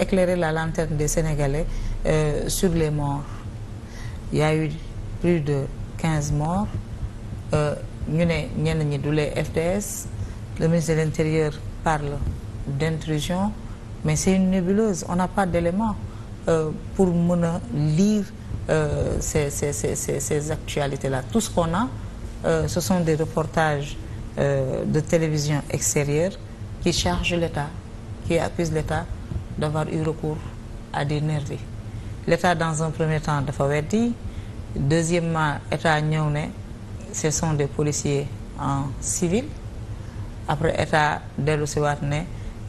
éclairer la lanterne des Sénégalais euh, sur les morts il y a eu plus de quinze morts euh, ñu ne ñenn ñi du les FDS le ministre de l'Intérieur parle d'intrusion mais c'est une nébuleuse on n'a pas d'éléments euh, pour mën a lire euh, ces ces ces ces actualités là tout ce qu'on a euh, ce sont des reportages euh, de télévision extérieure qui chargent l'État qui accusent l'État d'avoir eu recours à des nervis l'état dans un premier temps dafa weddi deuxièmement état ñëw ne ce sont des policiers en civil après état dellu si waat ne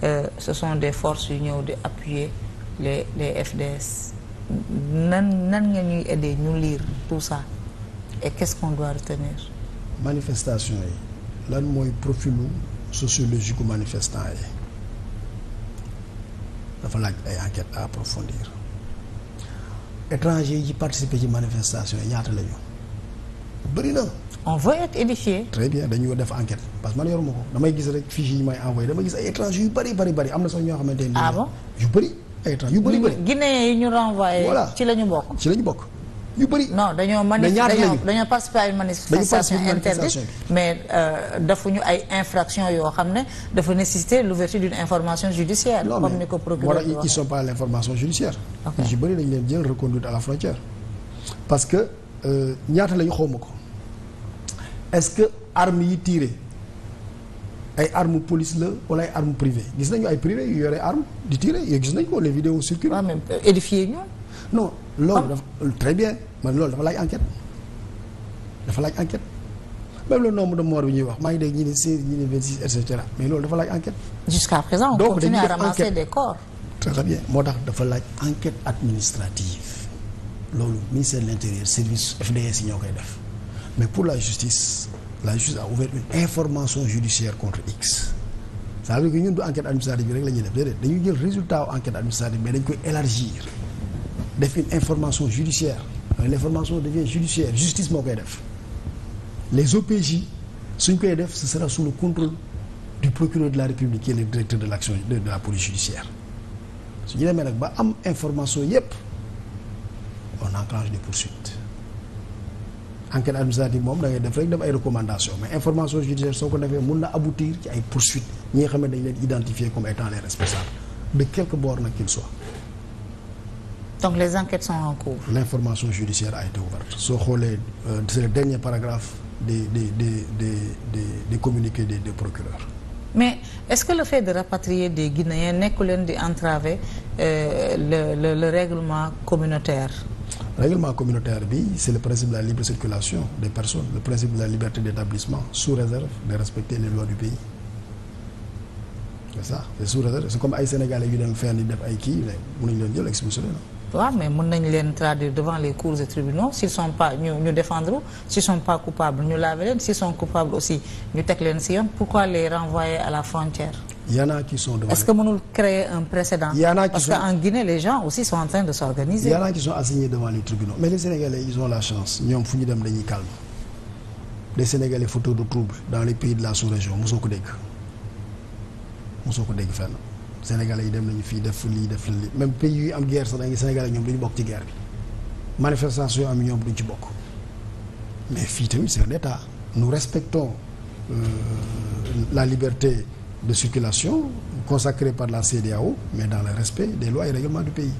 euh, ce sont des forces yu ñëw di appuyer les les FDS nan nan nga ñuy aider ñu lire tout ça et qu'est-ce qu'on doit retenir manifestation yi lan mooy profilu sociologique u manifestant yi dafa laaj ay enquêtes à approfondir étrangers yi participer ci manifestation yi ñaata la ñu bëri na. on veut être édifié. très bien dañu def enquête parce que man yoruma ko damay gis rek fiches yi may envoyé damay gis ay étrangers yu bëri bëri bëri am na sax ñoo xamante ne. ah bon yu bëri ay étrangers yu bëri bëri. Guinéens yi ñu renvoyé. voilà ci la ñu bokk. ci la bokk. yu bëri. non dañoo man manif dañoo dañoo participer à une manifestation interdite mais euh, ñu ay infraction yoo xam ne dafa nécessiter l'ouverture d'une information judiciaire. comme ni ko procureur non mais ils sont pas à l'information judiciaire. ok yu bëri dañ leen parce que euh, ñaata lañu xawma ko est-ce que armes yi tiré ay arme police la wala ay arme privée gis nañu ay privé yu yore arme di tiré yooyu gis nañu ko les vidéos circulent. waaw mais euh, édifié ñu. non loolu ah. dafa très bien man loolu dafa laaj enquête dafa laaj enquête le nombre de morts bi ñuy wax maa ngi dégg ñi ne seize ñi ne mais loolu dafa laaj enquête. jusqu'à présent on donc, continue à moo tax dafa laaj enquête administrative loolu ministère de l'intérieur service FDS yi ñoo koy def mais pour la justice la justice a ouvert une information judiciaire contre X. ça veut dire que ñun du enquête administrative bi rek la ñuy def déedéet dañuy jël résultat wu enquête mais dañ koy élargir. def une information judiciaire l'information devient judiciaire justice moo koy def les OPJ suñ koy def ce sera su le contrôle du procureur de la République et le directeur de l'action de la police judiciaire su ñu demee nag ba am information yépp on enclenche des poursuites enquête administrative moom da ngay def rek def ay recommandations mais information judiciaire soo ko defee mun na aboutir ci ay poursuites ñi nga xam ne dañ leen identifier comme étant les responsables de quelque bord nag qu'il soit donc les enquêtes en cours. l'information soo xoolee euh, c'est le dernier paragraphe des des des des communiqué de communiqués des des procureurs. mais est-ce que le fait de rapatrier des Guinéens nekku leen di entraver euh, le, le le règlement communautaire. règlement communautaire bi c'est le principe de la libre circulation de la liberté d'établissement sous réserve de respecter les lois du pays c'est ça c'est sous réserve comme ay sénégalais yu dem fenn yi def ay kii rek mënuñ leen jël expulsionné na. waaw mais mën nañ leen traduire devant les cours et tribunaux s'ils son pas ñu ñu défendre s'ils sont pas coupables ñu laver leen s'ils sont coupables aussi ñu teg leen si yoon pourquoi les renvoyer à la frontière Il y en a qui sont devant Est-ce que mënul créer un en a qui Parce sont... qu'en Guinée, les gens aussi sont en train de s'organiser. Il y en a qui sont assignés devant les Mais les Sénégalais, ils ont la chance. ñoom fu ñu dem dañuy calme. Les Sénégalais photo de trouble dans les pays de la sous-région mosoo ko dégg mosoo ko dégg sénégalais yi dem nañu fii def lii def la lii même pays yu am guerre sax da ngay sénégalais ñoom duñu bokk ci guerre bi manifestation am ñoom duñ ci bokk mais fii tamit c'est un état respectons euh, la liberté de circulation consacrée par la CEDEAO mais dans la respect des lois et règlements du pays